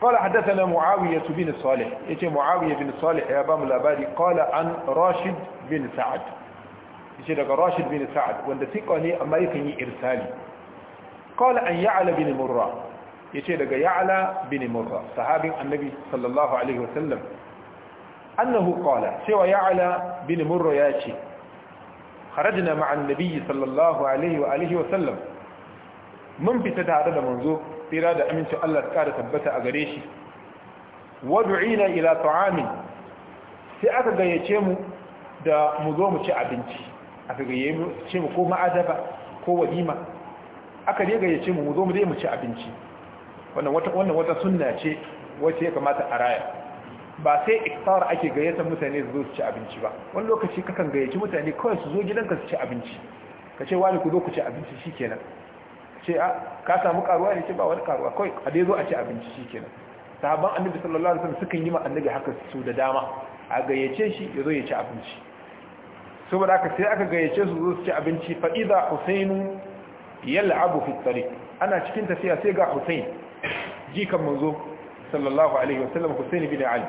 قال حدثنا معاوية بن صالح يتي معاوية بن صالح يا بام الأبادي قال عن راشد بن سعد يتي لك راشد بن سعد وانت ثقة هي يكني إرسالي قال أن يعلى بن مرة يتي لك يعلى بن مرة صحابي النبي صلى الله عليه وسلم أنه قال سوى يعلى بن مرة ياتي خرجنا مع النبي صلى الله عليه وآله وسلم من بتتعرض منذ tsira da amincin Allah ta kara tabbata a gare shi wadu'ina ila ta'amin sai aka gayyace mu da mu zo mu ci abinci aka gayyace mu ko ma'adaba ko walima aka dai gayyace mu mu zo mu dai mu ci abinci wannan wata wannan wata sunna ce wacce ya kamata a raya ba sai iftar ake gayyatar mutane su zo su ci abinci ba wani lokaci kakan gayyaci mutane kawai su zo gidanka su ci abinci ka ce wani ku zo ku ci abinci shikenan ce a ka samu karuwa ne ce ba wani karuwa kawai a dai zo a ci abinci shi kenan sahabban annabi sallallahu alaihi wasallam sukan yi ma annabi haka su da dama a gayyace shi ya zo ya ci abinci saboda haka sai aka gayyace su zo su ci abinci fa idza husainu yal'abu fi tariq ana cikin tafiya sai ga husain kan manzo sallallahu alaihi wasallam husain bin ali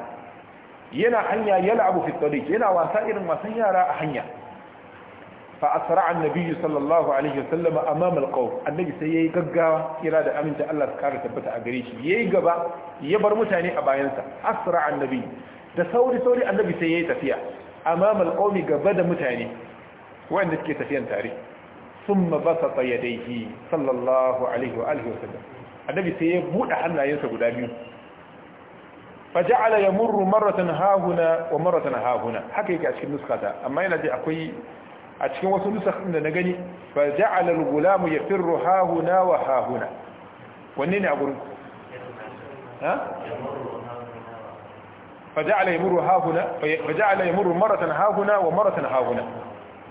yana hanya yal'abu fi tariq yana wasa irin wasan yara a hanya fa asra annabi sallallahu alaihi wasallam amama alqaw annabi sai yayi gaggawa kira da aminta Allah ta kare tabbata a gare shi yayi gaba ya bar mutane a bayansa asra annabi da sauri sauri annabi sai yayi tafiya amama alqawmi gaba da mutane wanda suke tafiyan tare thumma basata yadayhi sallallahu alaihi wa alihi wasallam annabi sai ya bude hannayensa guda biyu faja'ala yamurru marratan hahuna wa marratan hahuna haka yake a cikin nuskata amma yana ji akwai a cikin wasu nusakh din da na gani fa ja'ala al ya yafirru hahuna wa hahuna wanne ne a gurinku. ku ha fa ja'ala yamurru hahuna fa ja'ala yamurru maratan hahuna wa maratan hahuna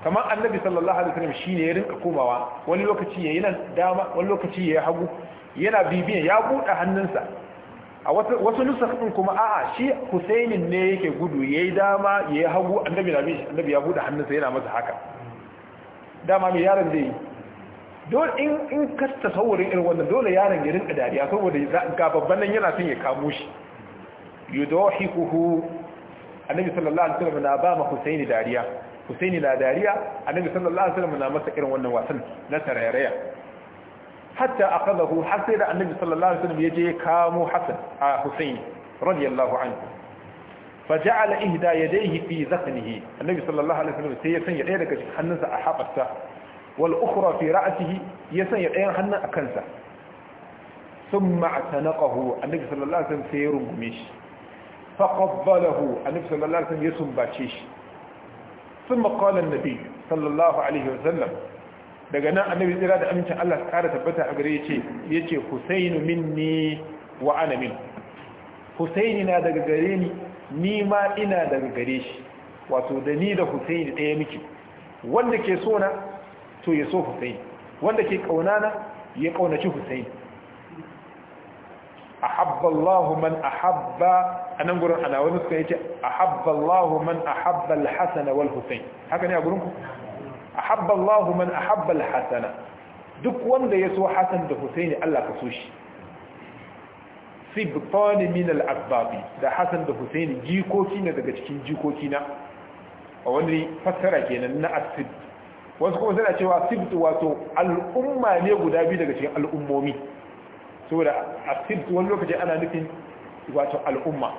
kamar annabi sallallahu alaihi wasallam shine ya rinka komawa wani lokaci ya yi yayin dama wani lokaci ya yi hagu yana bibiyan ya buɗe hannunsa a wasu ɗin kuma a'a shi husainin ne yake gudu ya yi dama ya yi hagu annabi ya buɗe hannunsa yana masa haka dama mai yaron zai dole in in ka tasawurin irin wannan dole yaron ya rinka dariya saboda ga babban nan yana son ya kamo shi yudawhikuhu annabi sallallahu alaihi wasallam na ba ma husaini dariya husaini na dariya annabi sallallahu alaihi wasallam na masa irin wannan wasan na tarairaya hatta akhadahu har sai da annabi sallallahu alaihi wasallam yaje kamo hassan a husayn radiyallahu anhu faja'ala ihda yadayhi fi zakhnihi annabi sallallahu alaihi wasallam sai ya sanya daya daga hannunsa a habarsa wal ukhra fi ra'sihi ya sanya dayan hannun a kansa thumma atanaqahu annabi sallallahu alaihi wasallam sai ya rungume shi fa qabbalahu annabi sallallahu alaihi wasallam ya sumbace shi thumma qala an sallallahu alaihi wasallam daga nan annabi tsira da amincin Allah su kara tabbata a gare yace yace Husainu minni wa ana min Husaini na daga gare ni ni ma ina daga gare shi wato da ni da Husaini ɗaya miki wanda ke so na to ya so Husaini wanda ke kauna ya kaunaci Husaini ahabba Allah man ahabba anan gurin ana wani suka yace ahabba Allah man ahabba al-Hasan wal Husain haka ne a gurin ku ahabba Allahu man ahabba al duk wanda ya so Hassan da Husaini Allah ka so shi sibtani min al-asbabi da Hassan da Husaini jikoki ne daga cikin jikoki na a wani fassara kenan na asib wasu kuma suna cewa sibt wato al'umma ne guda biyu daga cikin al'ummomi saboda asibt wani lokaci ana nufin wato al'umma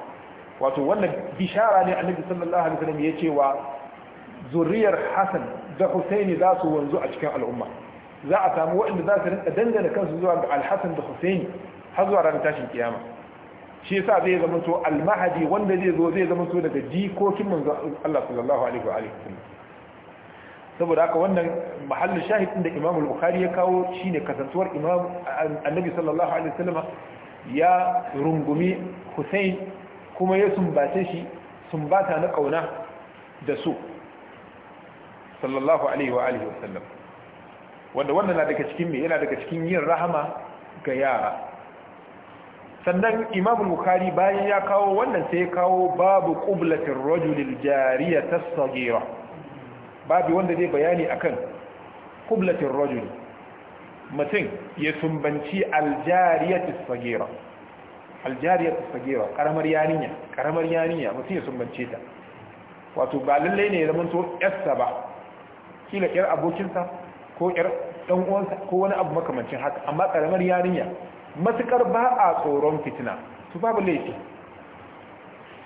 wato wannan bishara ne annabi sallallahu alaihi wasallam ya ce wa zuriyar Hassan da Husaini za su wanzu a cikin al'umma za a samu waɗanda za su rinka dangana kansu zuwa ga da Husaini har zuwa ranar tashin kiyama shi yasa zai zama to al wanda zai zo zai zama to daga jikokin manzo Allah sallallahu alaihi wa alihi saboda haka wannan mahallin shahid din da Imam al-Bukhari ya kawo shine kasantuwar Imam Annabi sallallahu alaihi wasallam ya rungumi Hussein kuma ya sumbace shi sumbata na kauna da su sallallahu alaihi wa alihi wasallam wanda wannan na daga cikin me yana daga cikin yin rahama ga yara sannan imam bukhari bayan ya kawo wannan sai ya kawo babu qublatir rajulil jariyata sagira babu wanda zai bayani akan qublatir rajuli mutum ya sumbanci aljariyatu sagira aljariyatu sagira karamar yarinya karamar yarinya mutum ya sumbance ta wato ba lalle ne ya zama to yarsa ba kila yar abokinsa ko yar dan uwansa ko wani abu makamancin haka amma karamar yarinya matukar ba a tsoron fitina to babu laifi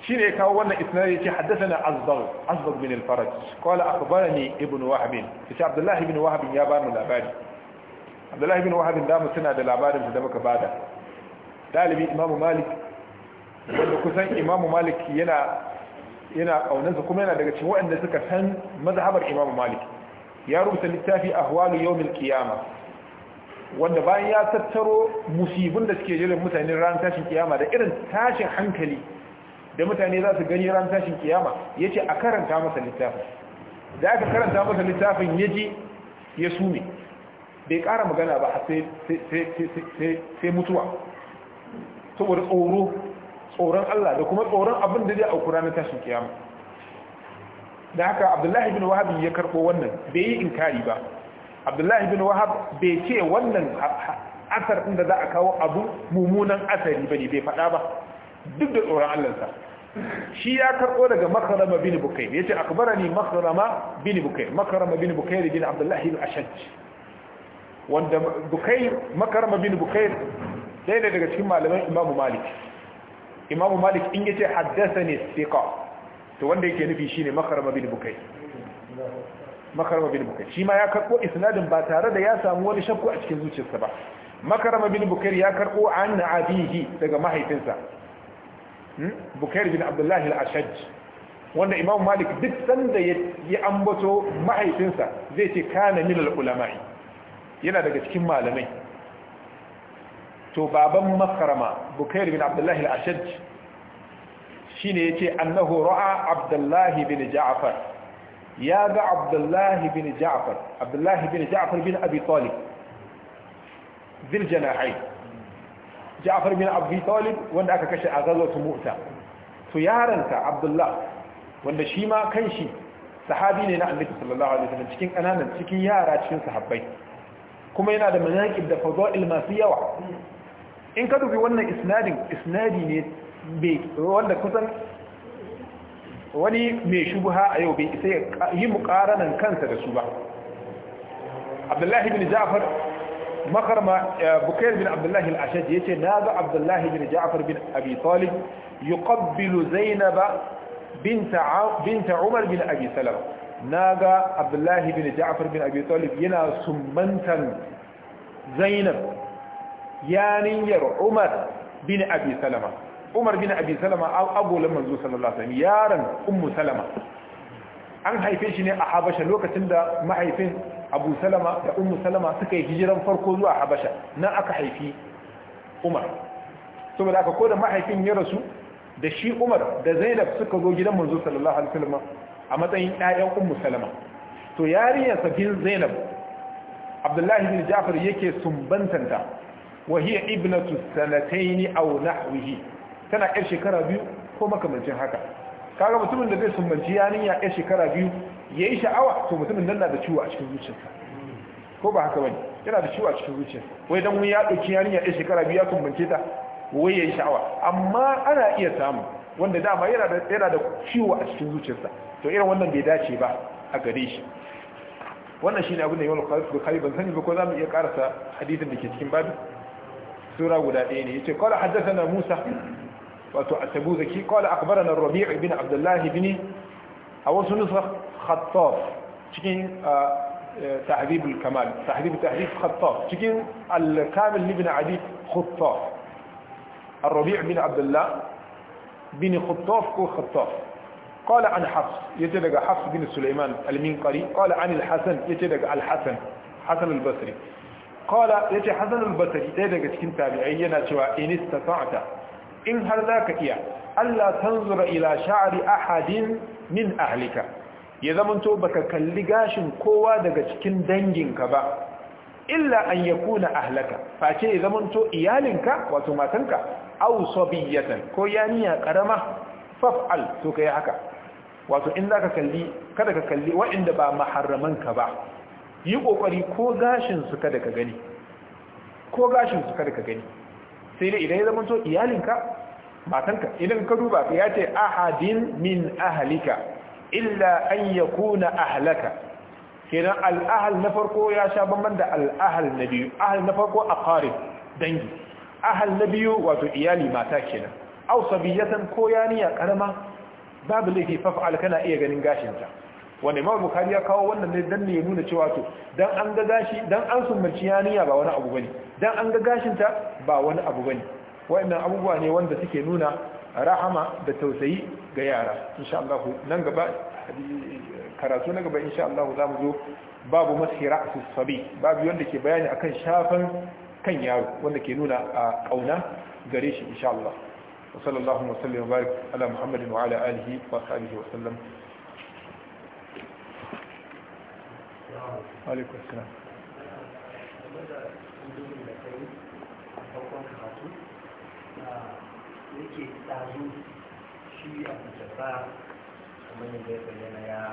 shine ya kawo wannan isnad yace haddathana azbar azbar bin al-faraj qala akhbarani ibn wahb yace abdullahi ibn wahb ya ba mu labari abdullahi ibn wahb da suna da labarin da muka bada dalibi imamu malik wanda kusan imamu malik yana yana kaunansa kuma yana daga cikin waɗanda suka san mazhabar imamu malik ya rubuta littafi a yau yawmil kiyama wanda bayan ya tattaro musibin da suke jirin mutane ran tashin kiyama da irin tashin hankali da mutane za su gani ran tashin kiyama ce a karanta masa littafin da aka karanta masa littafin yaji ya sume bai kara magana ba sai mutuwa saboda tsoron Allah da kuma tsoron abin da zai aukura ranar tashin kiyama da haka abdullahi bin wahab ya karbo wannan bai yi inkari ba abdullahi bin wahab bai ce wannan asar inda za a kawo abu mummunan asari bane bai faɗa ba duk da tsoron Allah sa shi ya karbo daga makarama bin bukayr yace akbarani makarama bin bukayr makarama bin bukayr bin abdullahi bin Ashad wanda bukayr makarama bin bukayr dai daga cikin malaman imamu malik imamu malik in yace haddathani thiqa to wanda yake nufi shi ne makarama bin bukai makarama bin bukai shi ma ya karbo isnadin ba tare da ya samu wani shakku a cikin zuciyarsa ba makarama bin bukai ya karbo an abihi daga mahaifinsa hmm? bukai bin abdullahi al-ashaj wanda imam malik duk sanda ya ambato mahaifinsa zai ce kana min al-ulama'i yana daga cikin malamai to baban makarama bukai bin abdullahi al-ashaj shine yace annahu ra'a abdullahi bin ja'far ya ga abdullahi bin ja'far abdullahi bin ja'far bin abi talib zil janahi ja'far bin abi talib wanda aka kashe a gazwatu mu'ta to yaranta abdullah wanda shi ma kanshi sahabi ne na annabi sallallahu alaihi wasallam cikin kananan cikin yara cikin sahabbai kuma yana da manaqib da fadail masu yawa in ka dubi wannan isnadin isnadi ne wanda kusan wani mai shubuha a yau bai isa yi mukaranan kansa da su ba abdullahi bin ja'far makarma eh, bukayar bin abdullahi al ya ce na ga abdullahi bin ja'far bin abi talib yuqabbilu zainaba binta umar bin abi salam na ga abdullahi bin ja'far bin abi talib yana sumbantan zainab yaninyar umar bin abi salama umar bin abi salama a agolan manzo sallallahu alaihi wasallam yaron ummu salama an haife shi ne a habasha lokacin da mahaifin abu salama da ummu salama suka yi hijiran farko zuwa habasha nan aka haifi umar saboda aka koda mahaifin ya rasu da shi umar da zainab suka zo gidan manzo sallallahu alaihi wasallam a matsayin ƴaƴan ummu salama to yarinya safin zainab abdullahi bin jafar yake sumbantanta wa hiya ibnatu sanataini aw nahwihi tana yar shekara biyu ko makamancin haka kaga mutumin da zai sumbanci yarinya yar shekara biyu ya yi sha'awa to mutumin nan na da ciwo a cikin zuciyarsa ko ba haka bane yana da ciwo a cikin zuciyarsa wai dan wani ya dauki yarinya yar shekara biyu ya sumbance ta wai ya yi sha'awa amma ana iya samu wanda dama yana da yana da ciwo a cikin zuciyarsa to irin wannan bai dace ba a gare shi wannan shine abin da yawan da ban sani ba ko za mu iya karasa hadisin da ke cikin babu sura guda ɗaya ne yace qala haddathana musa وتعتبوذكي قال أخبرنا الربيع بن عبد الله بن أول نسخة خطاف تكين آه، آه، تهذيب الكمال تهذيب تهذيب خطاف تكين الكامل لبن عدي خطاف الربيع بن عبد الله بن خطاف كو خطاف قال عن حفص يتدق حفص بن سليمان المنقري قال عن الحسن يتدق الحسن حسن البصري قال يتي حسن البصري يتدق تكين تابعي ينا شوى إن استطعت in har za ka iya Allah tanzura ila sha'ari ahadin min ahlika ya zamanto baka kalli gashin kowa daga cikin danginka ba illa an kuna ahlaka face ya zamanto iyalinka wato matanka aw sabiyatan ko yaniya karama faf'al to kai haka wato in zaka kalli kada ka kalli waɗanda ba maharamanka ba yi kokari ko gashin su kada ka gani ko gashin su kada ka gani sai dai idan ya zama to iyalinka matanka idan ka duba ya ce ahadin min ahalika illa an yakuna ahlaka kenan al'ahal na farko ya sha bamban da al'ahal na biyu ahal na farko aqarib dangi ahal na biyu wato iyali mata kenan aw sabiyatan ko yaniya karama babu laifi faf'al kana iya ganin gashinta wanda imam bukari ya kawo wannan ne dan ne ya nuna cewa to dan an ga gashi dan an sumbaci yaniya ba wani abu bane dan an ga gashin ta ba wani abu bane wayannan abubuwa ne wanda suke nuna rahama da tausayi ga yara insha Allah nan gaba karatu na gaba insha Allah zamu zo babu masira su sabi babu wanda ke bayani akan shafan kan yaro wanda ke nuna a kauna gare shi insha Allah wa sallallahu wa sallam wa barik ala muhammadin wa ala alihi wa sahbihi wa sallam alaikun salam yake tsazo shi a kamar yadda ya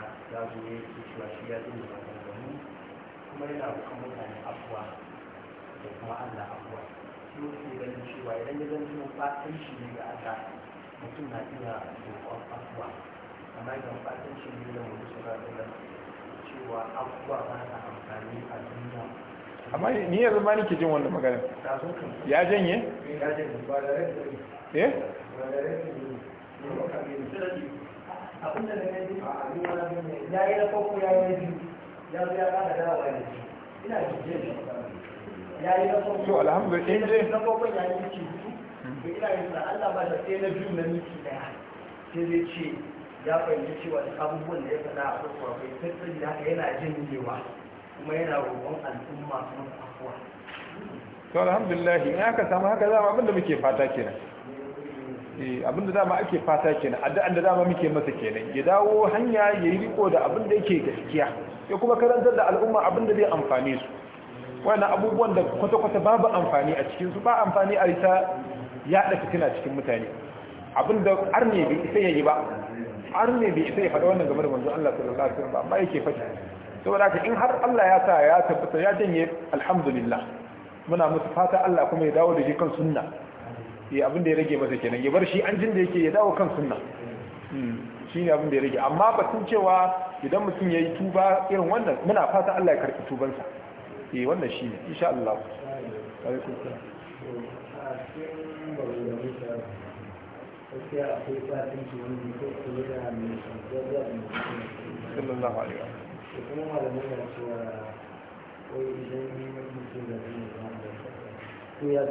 afuwa da kuma allah afuwa shi ke ganin cewa idan ya zanto fatan shi ne ga mutum na iya roƙon afuwa amma idan fatan shi ne mutum cewa abubuwa ba na amfani a duniya amma ni ya nake jin wannan magana ya janye eh da ya yi ya yi na farko ya yi ya zo ya kada ne ina ya yi na farko to alhamdulillah in je na ya yi to ina yin Allah ba da sai na biyu na miki daya sai zai ce ya fahimci cewa duk abubuwan da ya faɗa a kan bai tattalin da haka yana janyewa kuma yana roƙon al'umma su masa afuwa to alhamdulillah in aka samu haka zama abinda muke fata kenan eh abinda dama ake fata kenan addu'an da dama muke masa kenan ya dawo hanya ya yi riko da abinda yake gaskiya ya kuma karantar da al'umma abinda zai amfani su wannan abubuwan da kwata-kwata babu amfani a cikin su ba amfani a rita ya fitina cikin mutane abin da arne bai isa yayi ba arne bai isa ya faɗa wannan game da manzon Allah sallallahu alaihi wasallam amma yake faɗi saboda haka in har Allah ya sa ya tabbata ya janye alhamdulillah muna musu fata Allah kuma ya dawo da shi kan sunna ya eh, abin da ya rage masa kenan ya bar shi an jin da yake ya dawo kan sunna hmm, shi ne abin da ya rage amma batun cewa idan mutum ya yi tuba irin wannan muna fata Allah ya karɓi tubansa eh wannan shi ne insha Allah alaikum salam sallallahu alaihi a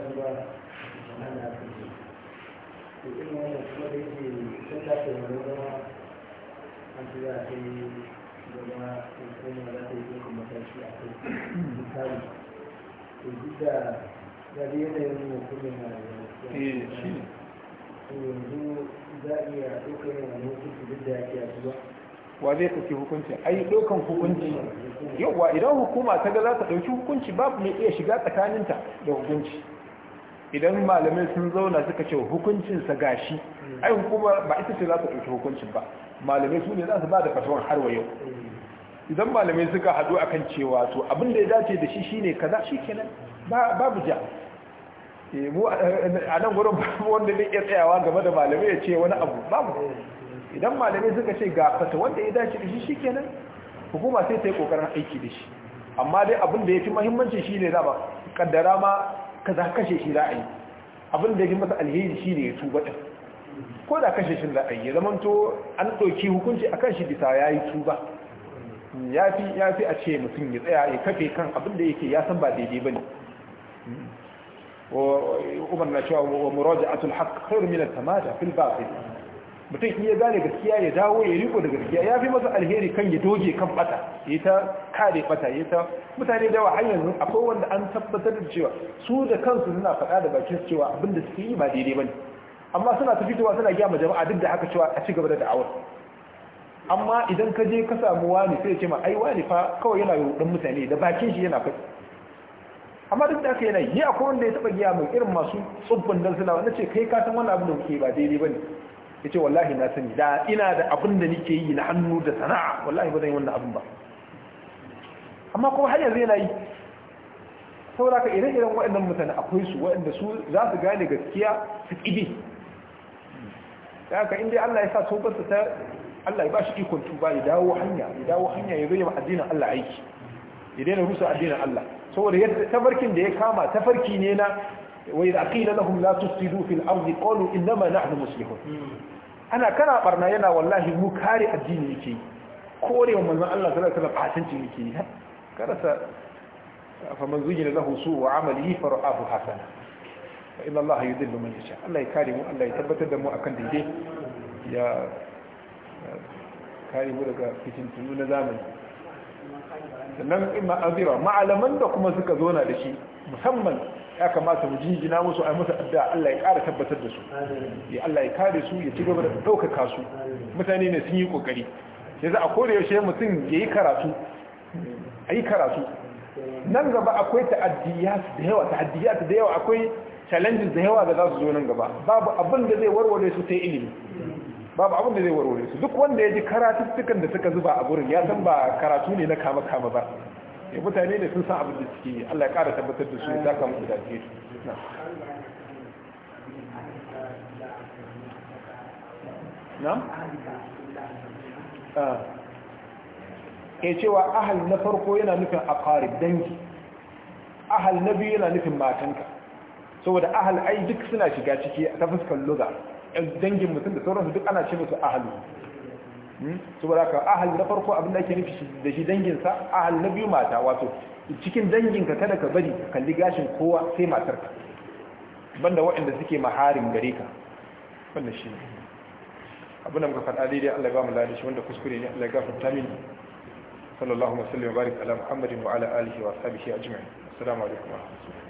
sallam yanzu za a hukunci a wa zai ɗauki hukunci ai ɗaukan hukunci yauwa idan hukuma ta ga za ta ɗauki hukunci babu mai iya shiga tsakaninta da hukunci idan malamai sun zauna suka ce hukuncinsa gashi ai hukuma ba ita ce za ta ɗauki hukuncin ba malamai su ne za su ba da har wa yau idan malamai suka haɗu akan cewa to abin da ya dace da shi shine kaza shikenan babu ja mu a nan gurin wanda ne iya tsayawa game da malamai ya ce wani abu babu idan malamai suka ce ga fata wanda ya dace da shi shi, kenan hukuma sai ta yi kokarin aiki da shi amma dai abin da ya fi mahimmanci shi ne zama kaddara ma ka za kashe shi ra'ayi abin da ya fi masa alheri shi ne ya tuba ɗin ko da kashe shi ra'ayi ya zama to an ɗauki hukunci a kan shi bisa ya yi tuba ya fi a ce mutum ya tsaya ya kafe kan abin da yake ya san ba daidai ba ne umar na cewa wa muraja'atul haqq khairu min at fil batil mutum in ya gane gaskiya ya dawo ya riko da gaskiya ya fi masa alheri kan ya doge kan bata ya ta kare bata ya ta mutane da yawa har yanzu akwai wanda an tabbatar da cewa su da kansu suna faɗa da bakin cewa abin da suke yi ba daidai bane amma suna ta fitowa suna gaya ma jama'a duk da haka cewa a ci gaba da da'awar amma idan ka je ka samu wani sai ya ce ma ai wani fa kawai yana yi mutane da bakin shi yana faɗi amma duk da aka yana yi kowane da ya taba giya mai irin masu tsubbin dan sulawa na ce kai ka san wannan abin da kuke ba daidai Ya ce wallahi na sani da ina da abin da nike yi na hannu da sana'a wallahi ba zan yi wannan abin ba amma kuma har yanzu yana yi saboda ka irin iren waɗannan mutane akwai su waɗanda su za su gane gaskiya su ƙibi da haka inda Allah ya sa sobarsa ta Allah ya ba shi ikon tuba ya dawo hanya ya dawo hanya ya zo ya addinin Allah aiki ya daina rusa addinin Allah saboda yadda tafarkin da ya kama tafarki ne na wai da aqila lahum la tusidu fil ardi qalu innama nahnu muslihun ana kana barna yana wallahi mu kare addini yake korewa manzon Allah sallallahu alaihi wasallam fatanci yake karasa fa man zujina lahu su wa amalihi fara'ahu hasana fa inna Allah yudillu man yasha Allah ya kare mu Allah ya tabbatar da mu akan daidai ya kare mu daga fitintunu na zamani sannan ina azira ma'alaman da kuma suka zona da shi musamman ya kamata mu jinjina musu a musu adda Allah ya ƙara tabbatar da su ya Allah ya kare su ya ci gaba da ɗaukaka su mutane ne sun yi kokari yanzu a kore yaushe mutum ya yi karatu a yi karatu nan gaba akwai ta'addiyat da yawa ta'addiyat da yawa akwai challenges da yawa da za su zo nan gaba babu abin da zai warware su sai ilimi babu abin da zai warware su duk wanda ya ji karatuttukan da suka zuba a gurin ya san ba karatu ne na kama kama ba ya eh, mutane da sun san abin da suke Allah ya kara tabbatar da su ya zaka musu da ke na ah. ke cewa ahal na farko yana nufin aqarib dangi ahal na biyu yana nufin matanka saboda ahal ai duk suna shiga ciki ta fuskar lugha dangin mutum da sauransu duk ana ce musu ahalu hmm? saboda ka ahal na farko abin da ake nufi da shi danginsa ahal na biyu mata wato cikin danginka kada ka bari ka kalli gashin kowa sai matarka banda waɗanda suke maharin gare ka wanda shi abin da muka faɗa daidai Allah ba mu lada shi wanda kuskure ne Allah ya gafarta mini sallallahu alaihi wa sallam barik ala muhammadin wa ala alihi wa ashabihi ajma'in assalamu alaikum wa rahmatullahi